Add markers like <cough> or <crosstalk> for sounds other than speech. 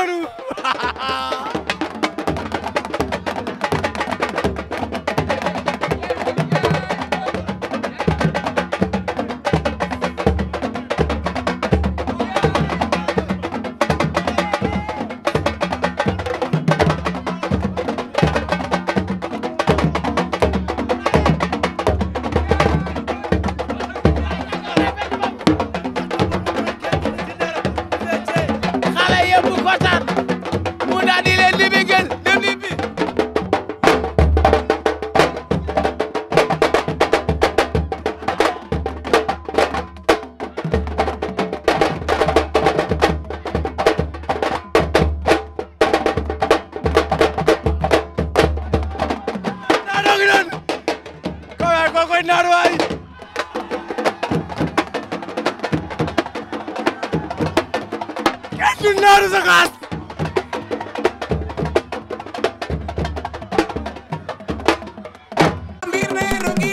mano! <laughs> bu Kotar mu daal di leen libi gën dem libi Narva Sori sa kaas. mbir